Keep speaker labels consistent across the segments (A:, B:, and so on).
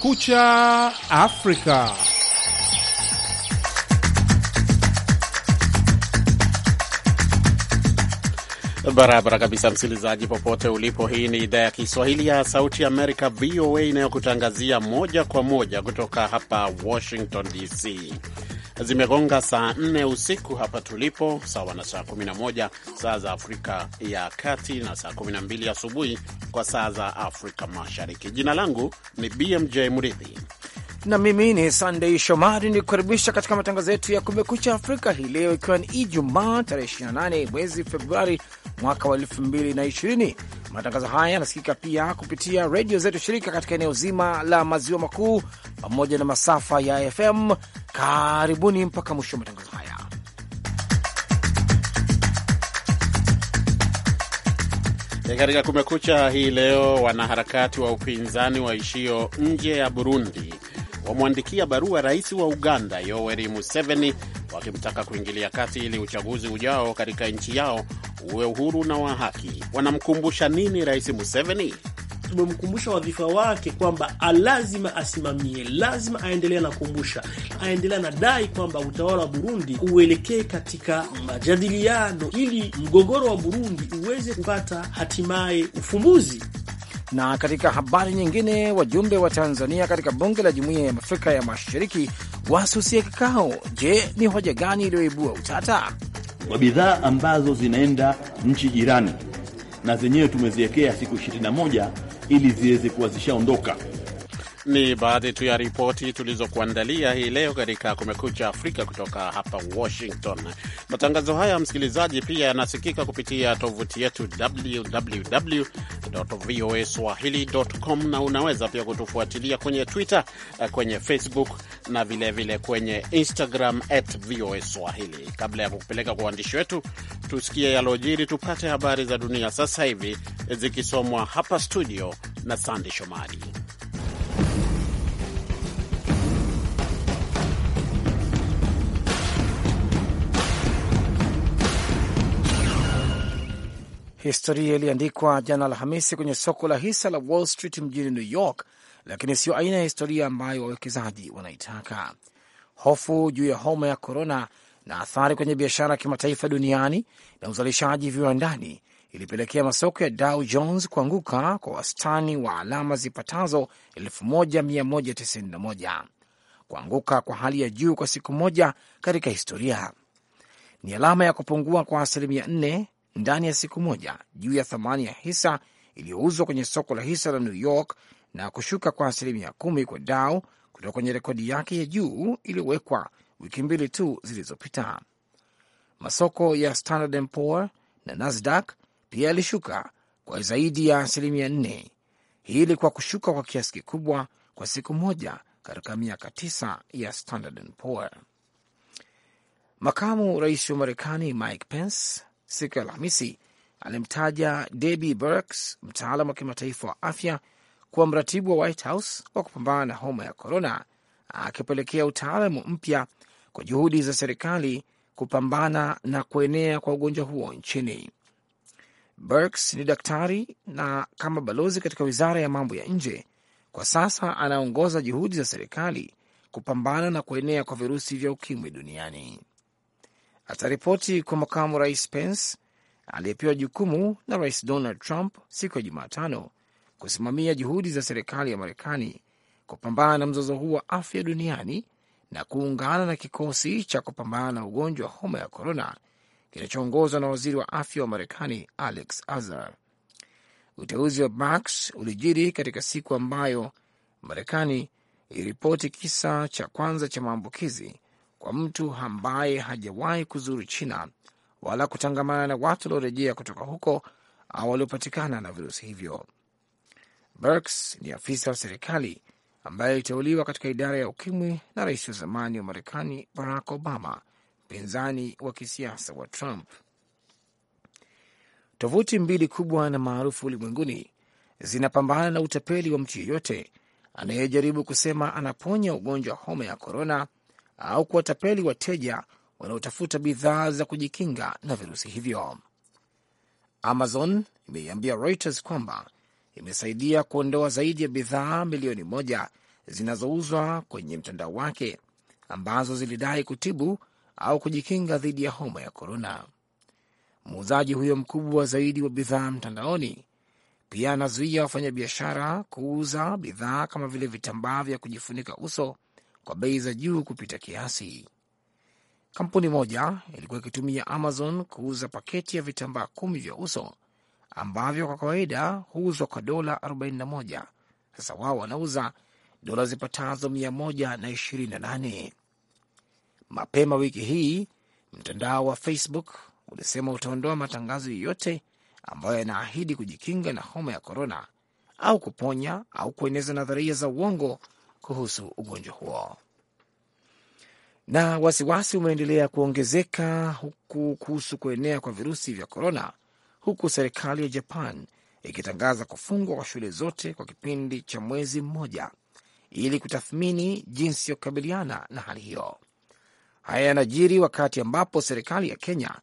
A: Kucha Afrika.
B: Barabara kabisa, msikilizaji popote ulipo. Hii ni idhaa ya Kiswahili ya Sauti Amerika, VOA, inayokutangazia moja kwa moja kutoka hapa Washington DC. Zimegonga saa 4 usiku hapa tulipo, sawa na saa 11 saa za Afrika ya Kati na saa mbili asubuhi kwa saa za Afrika Mashariki. Jina langu ni BMJ Murithi
C: na mimi ni Sandei Shomari ni kukaribisha katika matangazo yetu ya Kumekucha Afrika hii leo, ikiwa ni Ijumaa tarehe 28 mwezi Februari mwaka wa 2020. Matangazo haya yanasikika pia kupitia redio zetu shirika katika eneo zima la maziwa makuu pamoja na masafa ya FM. Karibuni mpaka mwisho wa matangazo haya.
B: E, katika Kumekucha hii leo, wanaharakati wa upinzani waishio nje ya Burundi wamwandikia barua rais wa Uganda Yoweri Museveni wakimtaka kuingilia kati ili uchaguzi ujao katika nchi yao uwe uhuru na wa haki. Wanamkumbusha nini Rais Museveni? Tumemkumbusha wadhifa wake kwamba lazima asimamie, lazima aendelee na kumbusha, aendelea na dai kwamba utawala wa Burundi uelekee katika majadiliano ili mgogoro wa Burundi uweze kupata
C: hatimaye ufumbuzi. Na katika habari nyingine, wajumbe wa Tanzania katika bunge la jumuiya ya Afrika ya Mashariki wasusia kikao. Je, ni hoja gani
D: iliyoibua utata kwa bidhaa ambazo zinaenda nchi jirani? Na zenyewe tumeziwekea siku 21 ili ziweze kuwa zishaondoka
B: ni baadhi tu ya ripoti tulizokuandalia hii leo katika Kumekucha Afrika kutoka hapa Washington. Matangazo haya, msikilizaji, pia yanasikika kupitia tovuti yetu www voa swahili.com, na unaweza pia kutufuatilia kwenye Twitter, kwenye Facebook na vilevile vile kwenye Instagram at voa swahili. Kabla ya kupeleka kwa waandishi wetu, tusikie yalojiri, tupate habari za dunia sasa hivi zikisomwa hapa studio na Sandi Shomari.
C: Historia iliandikwa jana Alhamisi kwenye soko la hisa la Wall Street mjini New York, lakini sio aina ya historia ambayo wawekezaji wanaitaka. Hofu juu ya homa ya korona na athari kwenye biashara ya kimataifa duniani na uzalishaji viwandani ilipelekea masoko ya Dow Jones kuanguka kwa wastani wa alama zipatazo 1191 kuanguka kwa hali ya juu kwa siku moja katika historia ni alama ya kupungua kwa asilimia 4 ndani ya siku moja juu ya thamani ya hisa iliyouzwa kwenye soko la hisa la New York na kushuka kwa asilimia kumi kwa Dow kutoka kwenye rekodi yake ya juu iliyowekwa wiki mbili tu zilizopita. Masoko ya Standard and Poor na Nasdaq pia yalishuka kwa zaidi ya asilimia nne. Hii ilikuwa kushuka kwa kiasi kikubwa kwa siku moja katika miaka tisa ya Standard and Poor. Makamu rais wa Marekani Mike Pence siku ya Alhamisi alimtaja Debbie Burks, mtaalam wa kimataifa wa afya, kuwa mratibu wa White House wa kupambana na homa ya korona, akipelekea utaalamu mpya kwa juhudi za serikali kupambana na kuenea kwa ugonjwa huo nchini. Burks ni daktari na kama balozi katika wizara ya mambo ya nje, kwa sasa anaongoza juhudi za serikali kupambana na kuenea kwa virusi vya ukimwi duniani ataripoti kwa makamu rais Pence aliyepewa jukumu na rais Donald Trump siku ya Jumatano kusimamia juhudi za serikali ya Marekani kupambana na mzozo huu wa afya duniani na kuungana na kikosi cha kupambana na ugonjwa wa homa ya korona kinachoongozwa na waziri wa afya wa Marekani Alex Azar. Uteuzi wa Bax ulijiri katika siku ambayo Marekani iliripoti kisa cha kwanza cha maambukizi kwa mtu ambaye hajawahi kuzuru China wala kutangamana na watu waliorejea kutoka huko au waliopatikana na virusi hivyo. Birx ni afisa wa serikali ambaye aliteuliwa katika idara ya ukimwi na rais wa zamani wa Marekani Barack Obama, mpinzani wa kisiasa wa Trump. Tovuti mbili kubwa na maarufu ulimwenguni zinapambana na utapeli wa mtu yeyote anayejaribu kusema anaponya ugonjwa wa homa ya korona au kuwatapeli wateja wanaotafuta bidhaa za kujikinga na virusi hivyo. Amazon imeiambia Reuters kwamba imesaidia kuondoa zaidi ya bidhaa milioni moja zinazouzwa kwenye mtandao wake ambazo zilidai kutibu au kujikinga dhidi ya homa ya korona. Muuzaji huyo mkubwa zaidi wa bidhaa mtandaoni pia anazuia wafanyabiashara kuuza bidhaa kama vile vitambaa vya kujifunika uso kwa bei za juu kupita kiasi. Kampuni moja ilikuwa ikitumia Amazon kuuza paketi ya vitambaa kumi vya uso ambavyo kwa kawaida huuzwa kwa dola 41. Sasa wao wanauza dola zipatazo 128. Mapema wiki hii mtandao wa Facebook ulisema utaondoa matangazo yoyote ambayo yanaahidi kujikinga na homa ya korona au kuponya au kueneza nadharia za uongo kuhusu ugonjwa huo. Na wasiwasi umeendelea kuongezeka huku kuhusu kuenea kwa virusi vya korona, huku serikali ya Japan ikitangaza kufungwa kwa shule zote kwa kipindi cha mwezi mmoja ili kutathmini jinsi ya kukabiliana na hali hiyo. Haya yanajiri wakati ambapo serikali ya Kenya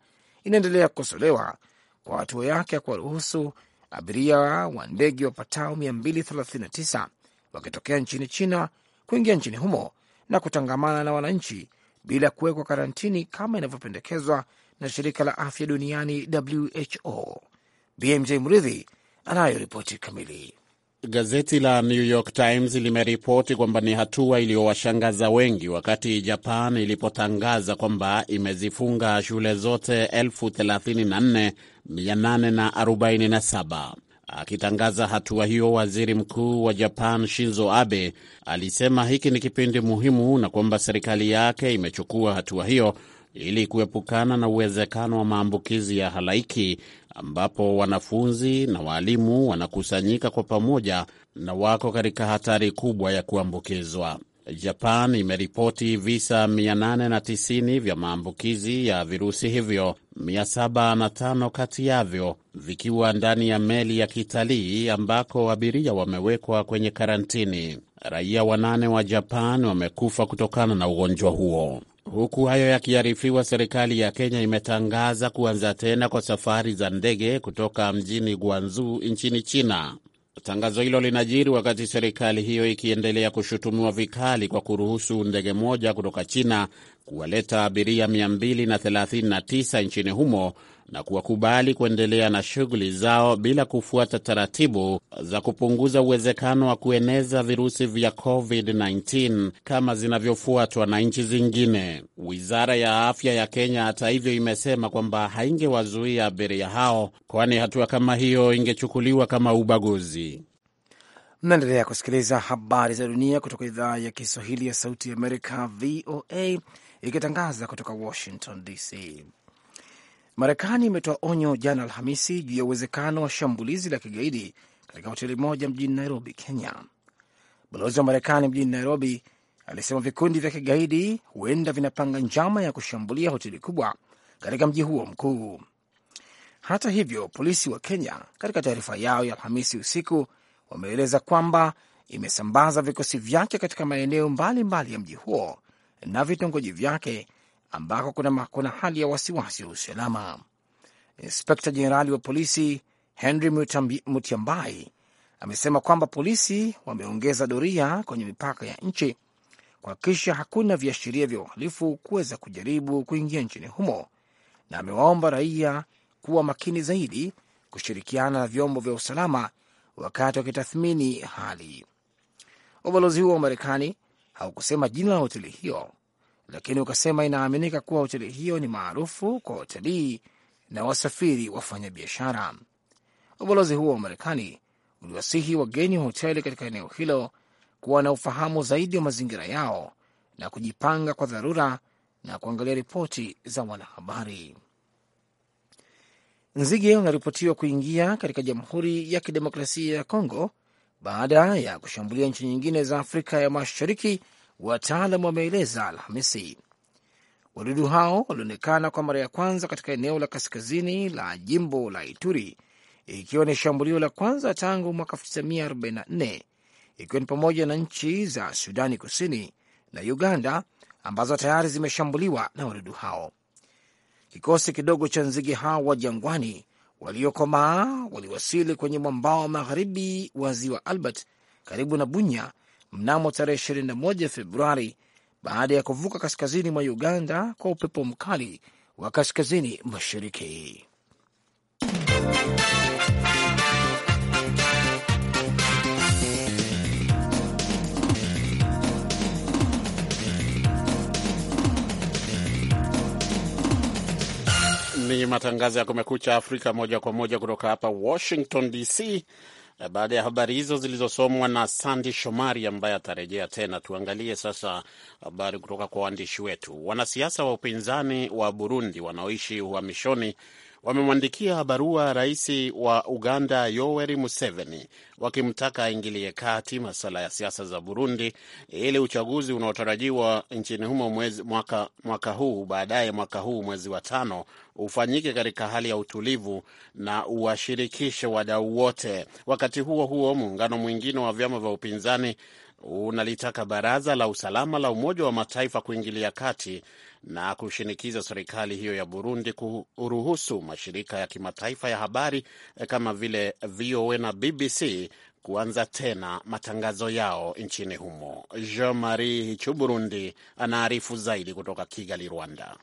C: inaendelea kukosolewa kwa hatua yake ya kuwaruhusu abiria wa ndege wapatao wakitokea nchini China kuingia nchini humo na kutangamana na wananchi bila kuwekwa karantini kama inavyopendekezwa na shirika la afya duniani WHO.
B: BMJ Mridhi
C: anayo ripoti kamili.
B: Gazeti la New York Times limeripoti kwamba ni hatua iliyowashangaza wengi wakati Japan ilipotangaza kwamba imezifunga shule zote 34847 Akitangaza hatua hiyo, waziri mkuu wa Japan Shinzo Abe alisema hiki ni kipindi muhimu na kwamba serikali yake imechukua hatua hiyo ili kuepukana na uwezekano wa maambukizi ya halaiki ambapo wanafunzi na waalimu wanakusanyika kwa pamoja na wako katika hatari kubwa ya kuambukizwa. Japan imeripoti visa 890 vya maambukizi ya virusi hivyo, 705 kati yavyo vikiwa ndani ya meli ya kitalii ambako abiria wamewekwa kwenye karantini. Raia wanane wa Japan wamekufa kutokana na ugonjwa huo. Huku hayo yakiarifiwa, serikali ya Kenya imetangaza kuanza tena kwa safari za ndege kutoka mjini Guangzhou nchini China. Tangazo hilo linajiri wakati serikali hiyo ikiendelea kushutumiwa vikali kwa kuruhusu ndege moja kutoka China kuwaleta abiria 239 nchini humo na kuwakubali kuendelea na shughuli zao bila kufuata taratibu za kupunguza uwezekano wa kueneza virusi vya COVID-19 kama zinavyofuatwa na nchi zingine. Wizara ya afya ya Kenya, hata hivyo, imesema kwamba haingewazuia abiria hao, kwani hatua kama hiyo ingechukuliwa kama ubaguzi.
C: Mnaendelea kusikiliza habari za dunia kutoka idhaa ya Kiswahili ya Sauti ya Amerika, VOA, ikitangaza kutoka Washington DC. Marekani imetoa onyo jana Alhamisi juu ya uwezekano wa shambulizi la kigaidi katika hoteli moja mjini Nairobi, Kenya. Balozi wa Marekani mjini Nairobi alisema vikundi vya kigaidi huenda vinapanga njama ya kushambulia hoteli kubwa katika mji huo mkuu. Hata hivyo, polisi wa Kenya katika taarifa yao ya Alhamisi usiku wameeleza kwamba imesambaza vikosi vyake katika maeneo mbalimbali mbali ya mji huo na vitongoji vyake ambako kuna, kuna hali ya wasiwasi wa usalama. Inspekta Jenerali wa polisi Henry Mutiambai amesema kwamba polisi wameongeza doria kwenye mipaka ya nchi kuhakikisha hakuna viashiria vya uhalifu kuweza kujaribu kuingia nchini humo, na amewaomba raia kuwa makini zaidi kushirikiana na vyombo vya usalama wakati wakitathmini hali. Ubalozi huo wa Marekani haukusema jina la hoteli hiyo lakini ukasema inaaminika kuwa hoteli hiyo ni maarufu kwa watalii na wasafiri wafanyabiashara. Ubalozi huo wa Marekani uliwasihi wageni wa hoteli katika eneo hilo kuwa na ufahamu zaidi wa mazingira yao na kujipanga kwa dharura na kuangalia ripoti za wanahabari. Nzige unaripotiwa kuingia katika Jamhuri ya Kidemokrasia ya Kongo baada ya kushambulia nchi nyingine za Afrika ya Mashariki wataalam wameeleza Alhamisi. Wadudu hao walionekana kwa mara ya kwanza katika eneo la kaskazini la jimbo la Ituri, ikiwa ni shambulio la kwanza tangu mwaka 1944 ikiwa ni pamoja na nchi za Sudani Kusini na Uganda ambazo tayari zimeshambuliwa na wadudu hao. Kikosi kidogo cha nzige hao wa jangwani waliokomaa waliwasili kwenye mwambao wa magharibi wa ziwa Albert karibu na Bunya mnamo tarehe 21 Februari baada ya kuvuka kaskazini mwa Uganda kwa upepo mkali wa kaskazini mashariki.
B: Ni matangazo ya Kumekucha Afrika moja kwa moja kutoka hapa Washington DC. Na baada ya habari hizo zilizosomwa na Sandi Shomari ambaye atarejea tena, tuangalie sasa habari kutoka kwa waandishi wetu. Wanasiasa wa upinzani wa Burundi wanaoishi uhamishoni wamemwandikia barua rais wa Uganda Yoweri Museveni wakimtaka aingilie kati masuala ya siasa za Burundi ili uchaguzi unaotarajiwa nchini humo mwezi, mwaka, mwaka huu baadaye mwaka huu mwezi wa tano ufanyike katika hali ya utulivu na uwashirikishe wadau wote. Wakati huo huo, muungano mwingine wa vyama vya upinzani unalitaka baraza la usalama la Umoja wa Mataifa kuingilia kati na kushinikiza serikali hiyo ya Burundi kuruhusu mashirika ya kimataifa ya habari eh, kama vile VOA na BBC kuanza tena matangazo yao nchini humo. Jean Marie Hichu Burundi anaarifu zaidi kutoka Kigali, Rwanda.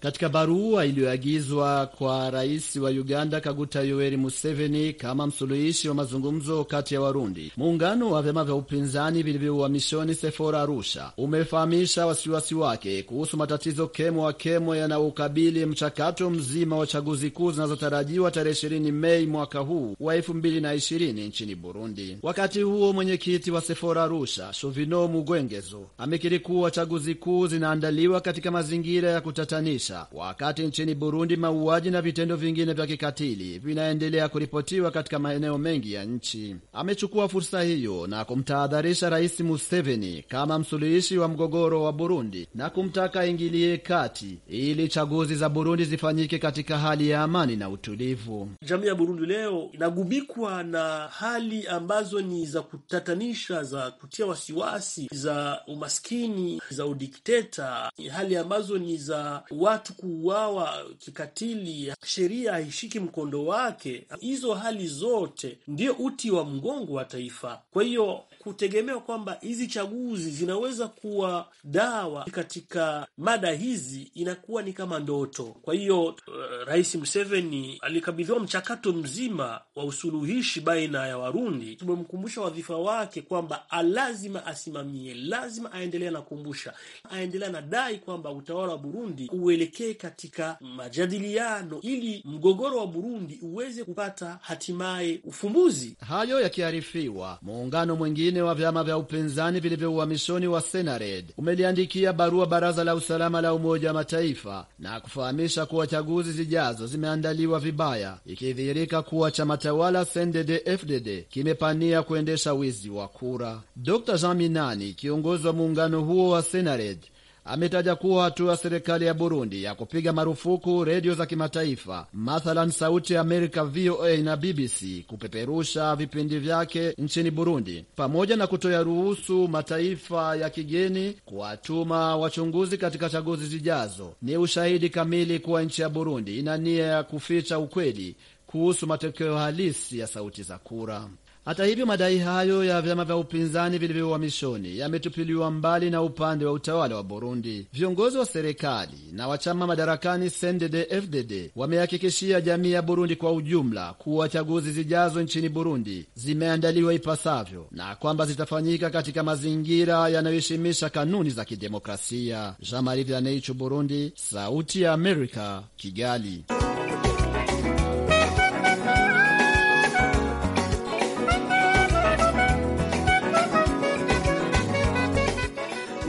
D: Katika barua iliyoagizwa kwa rais wa Uganda Kaguta Yoweri Museveni kama msuluhishi wa mazungumzo kati ya Warundi, muungano wa vyama vya upinzani vilivyo uhamishoni Sefora Arusha umefahamisha wasiwasi wake kuhusu matatizo kemo wa kemo yanayoukabili mchakato mzima wa chaguzi kuu zinazotarajiwa tarehe ishirini Mei mwaka huu wa ishirini nchini Burundi. Wakati huo mwenyekiti wa Sefora Arusha Shovino Mugwengezo amekiri kuwa chaguzi kuu zinaandaliwa katika mazingira ya kutatanisha maisha. Wakati nchini Burundi mauaji na vitendo vingine vya kikatili vinaendelea kuripotiwa katika maeneo mengi ya nchi. Amechukua fursa hiyo na kumtahadharisha Rais Museveni kama msuluhishi wa mgogoro wa Burundi na kumtaka ingilie kati ili chaguzi za Burundi zifanyike katika hali ya amani na utulivu.
A: Jamii ya Burundi leo inagubikwa
B: na hali ambazo ni za kutatanisha, za kutia wasiwasi, za umaskini, za udikteta, hali ambazo ni za watu watu kuuawa kikatili, sheria haishiki mkondo wake. Hizo hali zote ndio uti wa mgongo wa taifa. Kwa hiyo kutegemea kwamba hizi chaguzi zinaweza kuwa dawa katika mada hizi inakuwa ni kama ndoto. Kwa hiyo uh, Rais Museveni alikabidhiwa mchakato mzima wa usuluhishi baina ya Warundi. Tumemkumbusha wadhifa wake kwamba lazima asimamie, lazima aendelee na kumbusha, aendelea na dai kwamba utawala wa Burundi uelekee
D: katika majadiliano ili mgogoro wa Burundi uweze kupata hatimaye ufumbuzi. Hayo yakiarifiwa, muungano mwingine wengine wa vyama vya upinzani vilivyo uhamishoni wa Senared umeliandikia barua baraza la usalama la Umoja wa Mataifa na kufahamisha kuwa chaguzi zijazo zimeandaliwa vibaya, ikidhihirika kuwa chama tawala CNDD-FDD kimepania kuendesha wizi wa kura. Dr Jean Minani, kiongozi wa muungano huo wa Senared ametaja kuwa hatua ya serikali ya Burundi ya kupiga marufuku redio za kimataifa, mathalan Sauti ya Amerika VOA na BBC kupeperusha vipindi vyake nchini Burundi, pamoja na kutoya ruhusu mataifa ya kigeni kuwatuma wachunguzi katika chaguzi zijazo, ni ushahidi kamili kuwa nchi ya Burundi ina nia ya kuficha ukweli kuhusu matokeo halisi ya sauti za kura. Hata hivyo, madai hayo ya vyama vya upinzani vilivyohamishoni yametupiliwa mbali na upande wa utawala wa Burundi. Viongozi wa serikali na wa chama madarakani CNDD-FDD wamehakikishia jamii ya Burundi kwa ujumla kuwa chaguzi zijazo nchini Burundi zimeandaliwa ipasavyo na kwamba zitafanyika katika mazingira yanayoheshimisha kanuni za kidemokrasia. Jean Marie Vianney, Burundi, Sauti ya Amerika, Kigali.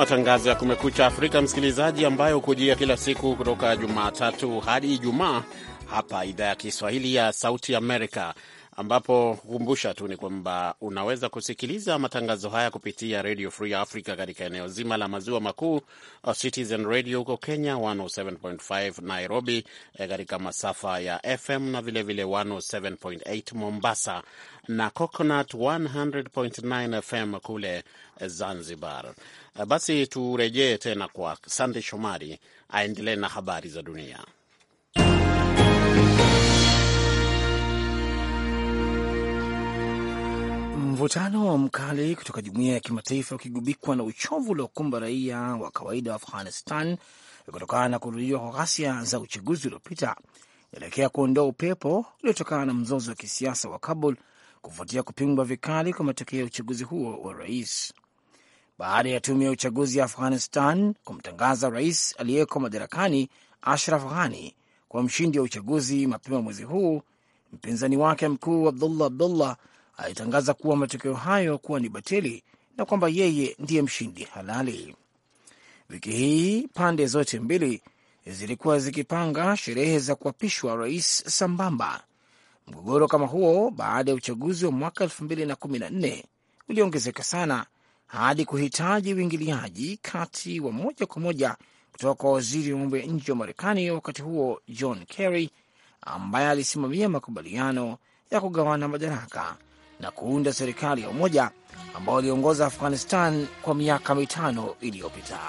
B: matangazo ya Kumekucha Afrika, msikilizaji, ambayo hukujia kila siku kutoka Jumatatu hadi Ijumaa hapa idhaa ya Kiswahili ya Sauti Amerika ambapo kukumbusha tu ni kwamba unaweza kusikiliza matangazo haya kupitia Radio Free Africa katika eneo zima la maziwa makuu, uh, Citizen Radio huko Kenya 107.5 Nairobi eh, katika masafa ya FM na vilevile 107.8 Mombasa na Coconut 100.9 FM kule eh, Zanzibar. Eh, basi turejee tena kwa Sande Shomari aendelee na habari za dunia.
C: Mvutano mkali kutoka jumuiya ya kimataifa ukigubikwa na uchovu uliokumba raia wa kawaida wa Afghanistan kutokana na kurudiwa kwa ghasia za uchaguzi uliopita inaelekea kuondoa upepo uliotokana na mzozo wa kisiasa wa Kabul kufuatia kupingwa vikali kwa matokeo ya uchaguzi huo wa rais. Baada ya tume ya uchaguzi ya Afghanistan kumtangaza rais aliyeko madarakani Ashraf Ghani kwa mshindi wa uchaguzi mapema mwezi huu, mpinzani wake mkuu Abdullah Abdullah alitangaza kuwa matokeo hayo kuwa ni batili na kwamba yeye ndiye mshindi halali. Wiki hii pande zote mbili zilikuwa zikipanga sherehe za kuapishwa rais sambamba. Mgogoro kama huo baada ya uchaguzi wa mwaka 214 uliongezeka sana hadi kuhitaji uingiliaji kati wa moja kwa moja kutoka kwa waziri wa mambo ya nje wa Marekani wakati huo John Kerry, ambaye alisimamia makubaliano ya kugawana madaraka na kuunda serikali ya umoja ambao waliongoza Afghanistan kwa miaka mitano iliyopita.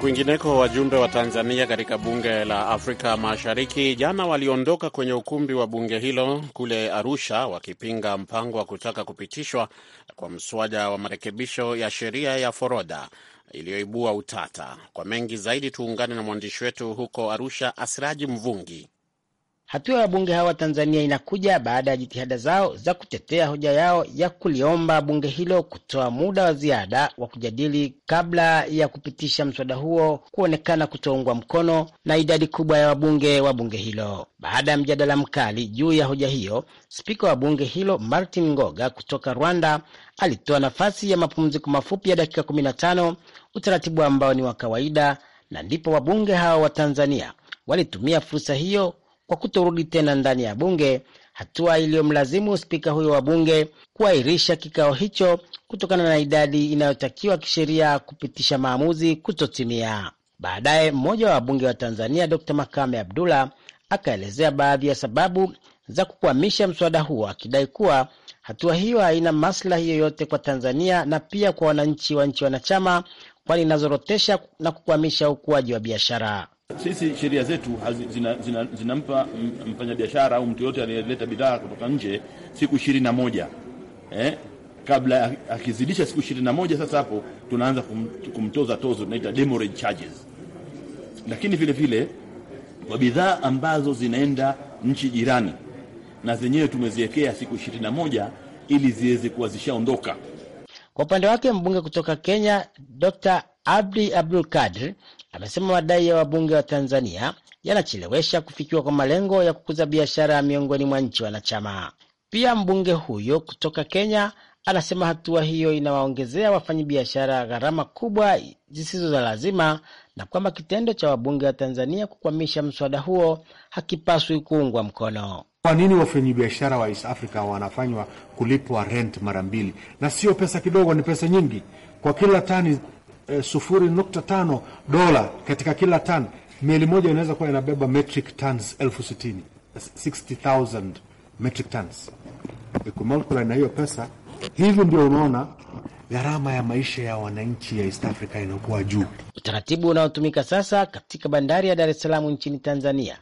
B: Kwingineko, wajumbe wa Tanzania katika bunge la Afrika Mashariki jana waliondoka kwenye ukumbi wa bunge hilo kule Arusha wakipinga mpango wa kutaka kupitishwa kwa mswada wa marekebisho ya sheria ya forodha iliyoibua utata. Kwa mengi zaidi, tuungane na mwandishi wetu huko Arusha, Asiraji Mvungi,
E: Hatua ya wabunge hawa Tanzania inakuja baada ya jitihada zao za kutetea hoja yao ya kuliomba bunge hilo kutoa muda wa ziada wa kujadili kabla ya kupitisha mswada huo kuonekana kutoungwa mkono na idadi kubwa ya wabunge wa bunge hilo. Baada ya mjadala mkali juu ya hoja hiyo, spika wa bunge hilo Martin Ngoga kutoka Rwanda alitoa nafasi ya mapumziko mafupi ya dakika 15, utaratibu ambao ni wa kawaida, na ndipo wabunge hawa wa Tanzania walitumia fursa hiyo kwa kutorudi tena ndani ya bunge, hatua iliyomlazimu spika huyo wa bunge kuahirisha kikao hicho kutokana na idadi inayotakiwa kisheria kupitisha maamuzi kutotimia. Baadaye mmoja wa wabunge wa Tanzania Dr. Makame Abdullah akaelezea baadhi ya sababu za kukwamisha mswada huo akidai kuwa hatua hiyo haina maslahi yoyote kwa Tanzania na pia kwa wananchi wa nchi wanachama, kwani inazorotesha na kukwamisha ukuaji wa biashara.
D: Sisi sheria zetu zinampa zina, zina mfanyabiashara au mtu yoyote anayeleta bidhaa kutoka nje siku ishirini na moja eh? Kabla akizidisha siku ishirini na moja sasa hapo tunaanza kum, kumtoza tozo tunaita demurrage charges, lakini vile vile kwa bidhaa ambazo zinaenda nchi jirani na zenyewe tumeziwekea siku ishirini na moja ili ziweze kuwa zishaondoka.
E: Kwa upande wake mbunge kutoka Kenya Dr. Abdi Abdul Kadir amesema madai ya wabunge wa Tanzania yanachelewesha kufikiwa kwa malengo ya kukuza biashara miongoni mwa nchi wanachama. Pia mbunge huyo kutoka Kenya anasema hatua hiyo inawaongezea wafanyabiashara gharama kubwa zisizo za lazima na kwamba kitendo cha wabunge wa Tanzania kukwamisha mswada huo
B: hakipaswi kuungwa mkono. Kwa nini wafanyabiashara wa East Africa wanafanywa kulipwa rent mara mbili? Na sio pesa kidogo, ni pesa nyingi. Kwa kila tani Eh, sufuri nukta tano dola katika kila tani. Meli moja inaweza kuwa inabeba metric tons elfu sitini 60,000 metric tons ikumolkula na hiyo pesa. Hivi ndio unaona gharama ya maisha ya wananchi ya East Africa inakuwa juu.
E: Utaratibu unaotumika sasa katika bandari ya Dar es Salaam nchini Tanzania,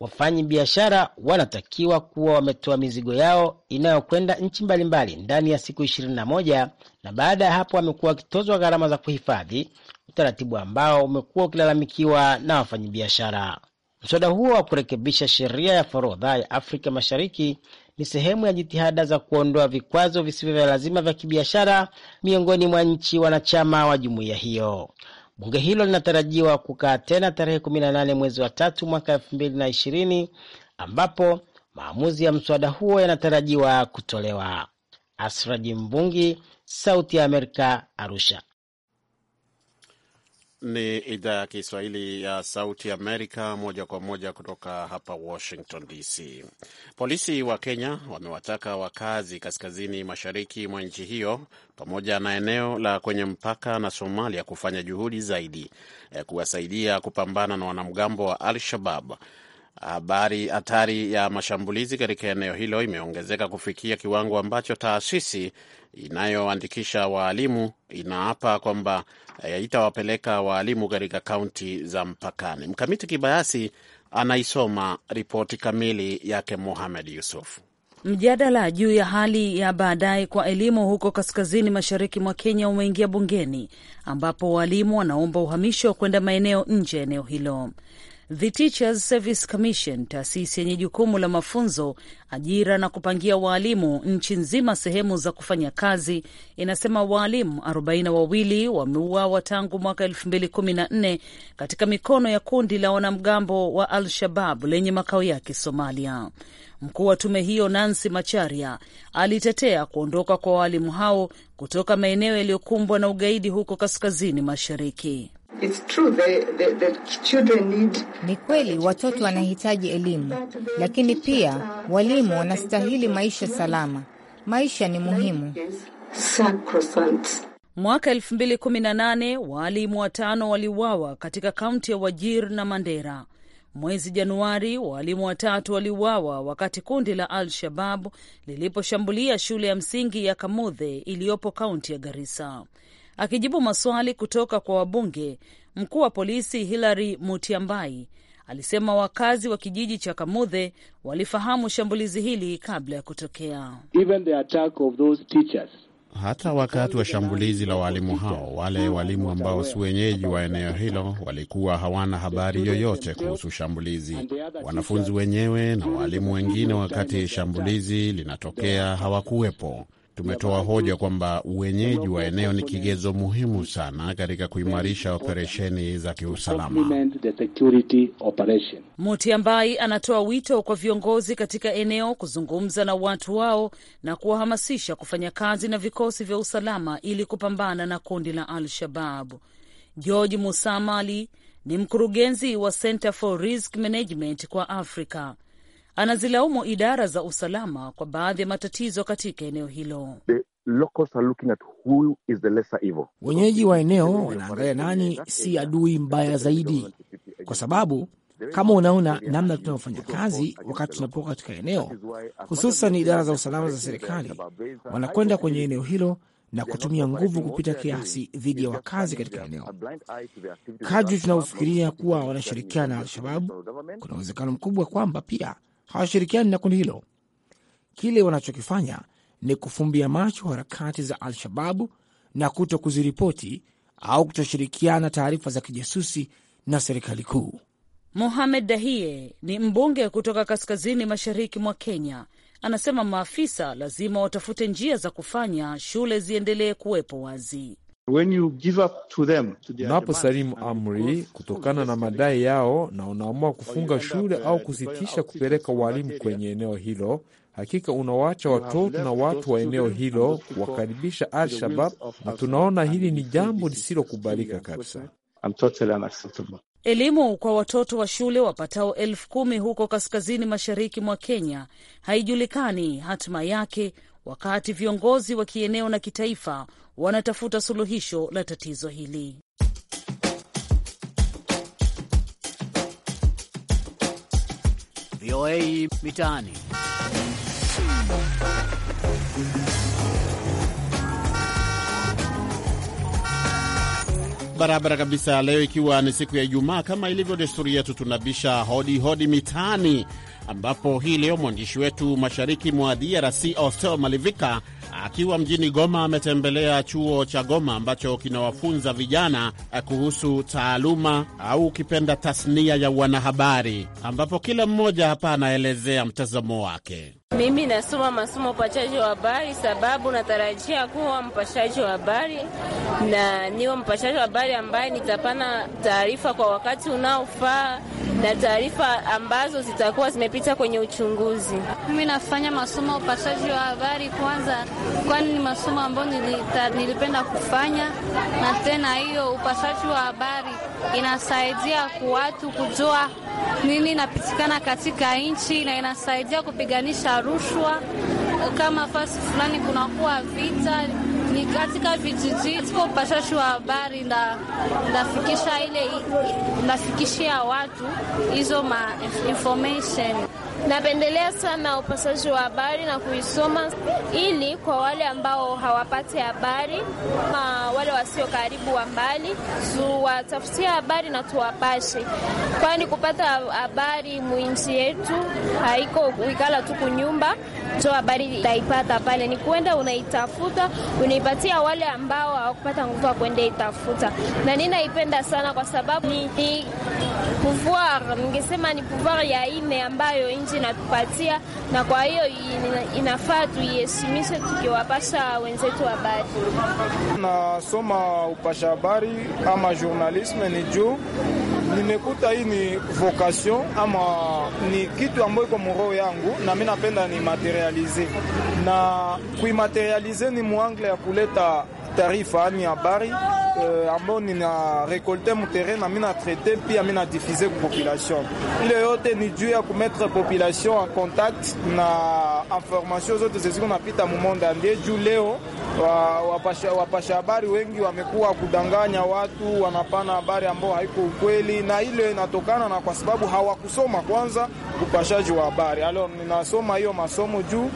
E: wafanyi biashara wanatakiwa kuwa wametoa mizigo yao inayokwenda nchi mbalimbali ndani ya siku 21 na baada ya hapo amekuwa akitozwa gharama za kuhifadhi, utaratibu ambao umekuwa ukilalamikiwa na wafanyabiashara. Mswada huo wa kurekebisha sheria ya forodha ya Afrika Mashariki ni sehemu ya jitihada za kuondoa vikwazo visivyo vya lazima vya kibiashara miongoni mwa nchi wanachama wa jumuiya hiyo. Bunge hilo linatarajiwa kukaa tena tarehe 18 mwezi wa tatu mwaka 2020 ambapo maamuzi ya mswada huo yanatarajiwa kutolewa. Asraji Mbungi, Sauti ya Amerika, Arusha.
B: Ni idhaa ya Kiswahili ya Sauti Amerika, moja kwa moja kutoka hapa Washington DC. Polisi wa Kenya wamewataka wakazi kaskazini mashariki mwa nchi hiyo pamoja na eneo la kwenye mpaka na Somalia kufanya juhudi zaidi eh, kuwasaidia kupambana na wanamgambo wa Al Shabab Habari hatari ya mashambulizi katika eneo hilo imeongezeka kufikia kiwango ambacho taasisi inayoandikisha waalimu inaapa kwamba eh, itawapeleka waalimu katika kaunti za mpakani. Mkamiti Kibayasi anaisoma ripoti kamili yake Mohamed Yusuf.
F: Mjadala juu ya hali ya baadaye kwa elimu huko kaskazini mashariki mwa Kenya umeingia bungeni ambapo waalimu wanaomba uhamisho kwenda maeneo nje ya eneo hilo. The Teachers Service Commission, taasisi yenye jukumu la mafunzo, ajira na kupangia waalimu nchi nzima sehemu za kufanya kazi, inasema waalimu 42 wameuawa tangu mwaka 2014 katika mikono ya kundi la wanamgambo wa Al-Shabab lenye makao yake Somalia. Mkuu wa tume hiyo Nancy Macharia alitetea kuondoka kwa waalimu hao kutoka maeneo yaliyokumbwa na ugaidi huko kaskazini mashariki. Ni kweli watoto wanahitaji elimu, lakini pia walimu wanastahili maisha salama. Maisha ni muhimu. Mwaka 2018 waalimu watano waliuawa katika kaunti ya Wajir na Mandera. Mwezi Januari waalimu watatu waliuawa wakati kundi la Al-Shababu liliposhambulia shule ya msingi ya Kamudhe iliyopo kaunti ya Garissa. Akijibu maswali kutoka kwa wabunge, mkuu wa polisi Hilary mutiambai alisema wakazi wa kijiji cha Kamuthe walifahamu shambulizi hili kabla ya kutokea.
D: Even the attack of those teachers,
B: hata wakati wa shambulizi la waalimu hao, wale walimu ambao si wenyeji wa eneo hilo walikuwa hawana habari yoyote kuhusu shambulizi. Wanafunzi wenyewe na waalimu wengine, wakati shambulizi linatokea, hawakuwepo. Tumetoa hoja kwamba uwenyeji wa eneo ni kigezo muhimu sana katika kuimarisha operesheni za kiusalama.
F: ambaye anatoa wito kwa viongozi katika eneo kuzungumza na watu wao na kuwahamasisha kufanya kazi na vikosi vya usalama ili kupambana na kundi la Al-Shababu. George Musamali ni mkurugenzi wa Center for Risk Management kwa Afrika anazilaumu idara za usalama kwa baadhi ya matatizo katika eneo hilo.
C: Wenyeji wa eneo wanaangalia nani si adui mbaya zaidi, kwa sababu kama unaona namna tunavyofanya kazi wakati tunapoka katika eneo, hususan idara za usalama za serikali, wanakwenda kwenye eneo hilo na kutumia nguvu kupita kiasi dhidi ya wakazi katika eneo. Kadri tunavyofikiria kuwa wanashirikiana na Al-Shababu, kuna uwezekano mkubwa kwamba pia hawashirikiani na kundi hilo. Kile wanachokifanya ni kufumbia macho harakati za Al-Shababu na kuto kuziripoti au kutoshirikiana taarifa za kijasusi na serikali kuu.
F: Mohamed Dahie ni mbunge kutoka kaskazini mashariki mwa Kenya. Anasema maafisa lazima watafute njia za kufanya shule ziendelee kuwepo wazi.
A: Unaposalimu amri kutokana na madai yao na unaamua kufunga shule au kusitisha kupeleka walimu kwenye eneo hilo, hakika unawaacha watoto na watu wa eneo hilo kuwakaribisha Al-Shabab, na tunaona hili ni jambo lisilokubalika kabisa.
F: Elimu kwa watoto wa shule wapatao elfu kumi huko kaskazini mashariki mwa Kenya haijulikani hatima yake, wakati viongozi wa kieneo na kitaifa wanatafuta suluhisho la tatizo hili.
B: VOA Mitaani. Barabara kabisa. Leo ikiwa ni siku ya Ijumaa, kama ilivyo desturi yetu, tunabisha hodi hodi mitaani, ambapo hii leo mwandishi wetu mashariki mwa DRC Ostel Malivika Akiwa mjini Goma, ametembelea chuo cha Goma ambacho kinawafunza vijana eh, kuhusu taaluma au ukipenda tasnia ya wanahabari, ambapo kila mmoja hapa anaelezea mtazamo wake.
F: Mimi nasoma masomo upashaji wa habari, sababu natarajia kuwa mpashaji wa habari na niwe mpashaji wa habari ambaye nitapana taarifa kwa wakati unaofaa na taarifa ambazo zitakuwa zimepita kwenye uchunguzi. Mimi nafanya masomo ya upashaji wa habari kwanza, kwani ni masomo ambayo nilita, nilipenda kufanya, na tena hiyo upashaji wa habari inasaidia watu kujua nini inapitikana katika nchi na inasaidia kupiganisha rushwa. Kama fasi fulani kunakuwa vita ni katika vijiji, siko upashashi wa habari ndafikisha ile ndafikishia watu hizo ma information Napendelea sana upasaji wa habari na kuisoma, ili kwa wale ambao hawapati habari ma wale wasio karibu wa mbali, tuwatafutia habari na tuwapashe, kwani kupata habari mwinchi yetu haiko wikala tu kunyumba so habari itaipata pale, ni kwenda unaitafuta, unaipatia wale ambao hawakupata nguvu ya kwenda itafuta, na ninaipenda sana kwa sababu ni, ni pouvoir, ningesema ni pouvoir ya ine ambayo nchi inatupatia, na kwa hiyo inafaa tuiheshimishe tukiwapasha wenzetu habari.
G: Nasoma upasha habari ama journalisme ni juu nimekuta hii ni vocation ama ni kitu ambayo iko mroho yangu, na mimi napenda ni materialize na kuimaterialize ni mwangle ya kuleta taarifa ani habari e, ambayo nina rekolte muterrain na mina traite pia mina difize ku population. Ile yote ni juu ya kumetre population en contact na information zote zeziko napita mu monde andie juu leo wapasha, habari wengi wamekuwa kudanganya watu, wanapana habari ambao haiko ukweli, na ile inatokana na kwa sababu hawakusoma kwanza upashaji wa habari. Alo, ninasoma hiyo masomo juu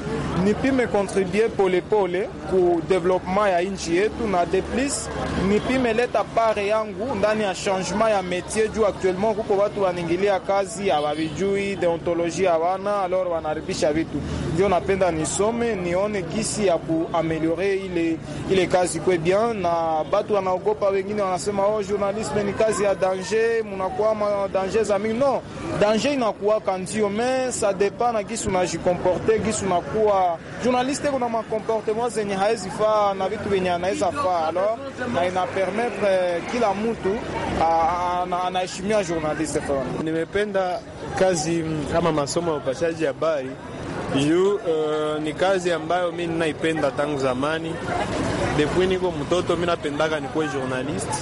G: nipime kontribue polepole ku development ya nchi yetu, na de plus nipime leta pare yangu ndani ya changement ya metier juu actuellement kuko watu waningilia kazi hawavijui, deontologie hawana, alor wanaribisha vitu ndio napenda nisome nione gisi ya kuameliore ile, ile kazi kwe bien, na batu wanaogopa, wengine wanasema oh, journalisme ni kazi ya danger, munakwama danger za mingi. No, danger inakuwaka ndio me sa depend na gisi unajikomporte, gisi unakuwa journaliste. Kuna makomportement zenye haezi faa na vitu venye anaweza faa alors, na inapermetre eh, kila mutu anaheshimia journaliste. Nimependa kazi mm, kama
A: masomo ya upashaji habari juu uh, eh, ni kazi ambayo mi ninaipenda tangu zamani. Depuis niko mtoto mi napendaka nikuwe journaliste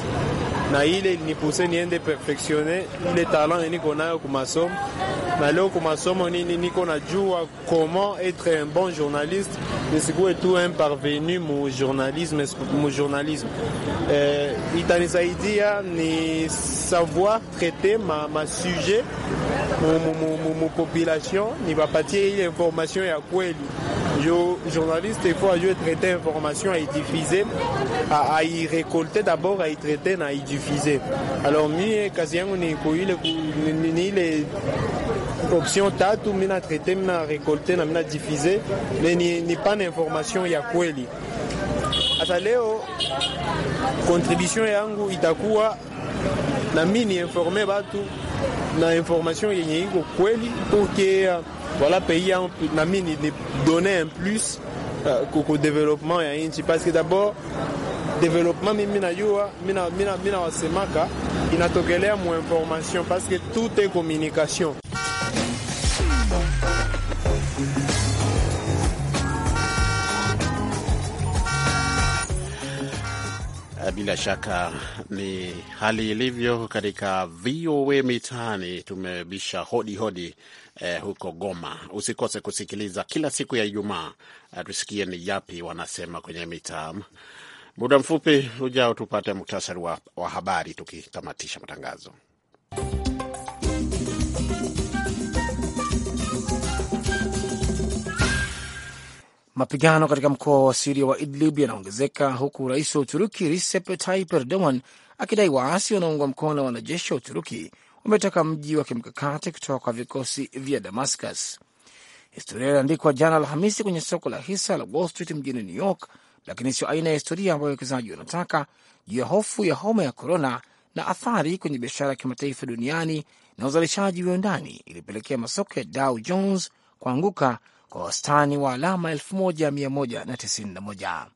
A: na ile ilinipuse niende perfectionner ile talent niko nayo kumasomo, na leo kumasomo nini niko najua comment être un bon journaliste, nisikuwe tu un parvenu mu journalisme mu journalisme. Eh, itanisaidia ni savoir traiter ma, ma sujet mu, population. Ni va population, nibapatie ile information ya kweli yo journaliste il faut yo traiter information à diffuser à, à y récolter d'abord à y traiter à y diffuser alors mi kasi eh, yangu ni le, ni ile option tatu mi na traiter mi na récolter na mi na diffuser mais ni, ni pas d'information ya kweli hata leo contribution yangu itakuwa na mi ni informe batu na information yenye iko kweli pour que voilà pays a donné un plus euh, au développement à l'Inde. parce que d'abord développement il najua ah, mina mina mina information parce que tout est communication
B: Eh, bila shaka ni hali ilivyo katika VOA Mitaani. Tumebisha hodi hodi eh, huko Goma. Usikose kusikiliza kila siku ya Ijumaa, eh, tusikie ni yapi wanasema kwenye mitaa. Muda mfupi ujao tupate muktasari wa, wa habari tukitamatisha matangazo.
C: Mapigano katika mkoa wa Siria wa Idlib yanaongezeka huku rais wa Uturuki Recep Tayyip Erdogan akidai waasi wanaungwa mkono na wanajeshi wa Uturuki wameteka mji wa kimkakati kutoka kwa vikosi vya Damascus. Historia iliandikwa jana Alhamisi kwenye soko la hisa la Wall Street mjini New York, lakini sio aina ya historia ambayo wawekezaji wanataka juu ya hofu ya homa ya korona na athari kwenye biashara ya kimataifa duniani na uzalishaji wa ndani ilipelekea masoko ya Dow Jones kuanguka kwa wastani wa alama 1191.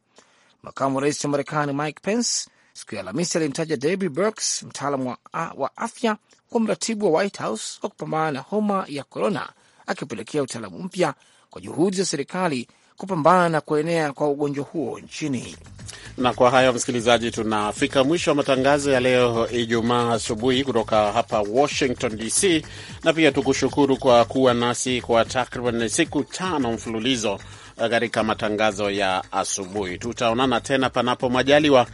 C: Makamu wa rais wa Marekani Mike Pence siku ya Alhamisi alimtaja Debbie Burks, mtaalamu wa, wa afya, kwa mratibu wa White House wa kupambana na homa ya corona akipelekea utaalamu mpya kwa juhudi za serikali kupambana na kuenea kwa ugonjwa huo nchini.
B: Na kwa hayo, msikilizaji, tunafika mwisho wa matangazo ya leo Ijumaa asubuhi kutoka hapa Washington DC, na pia tukushukuru kwa kuwa nasi kwa takriban siku tano mfululizo eh, katika matangazo ya asubuhi. Tutaonana tena panapo majaliwa.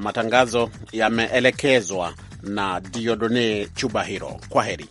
B: Matangazo yameelekezwa na Diodone Chubahiro. Kwa heri.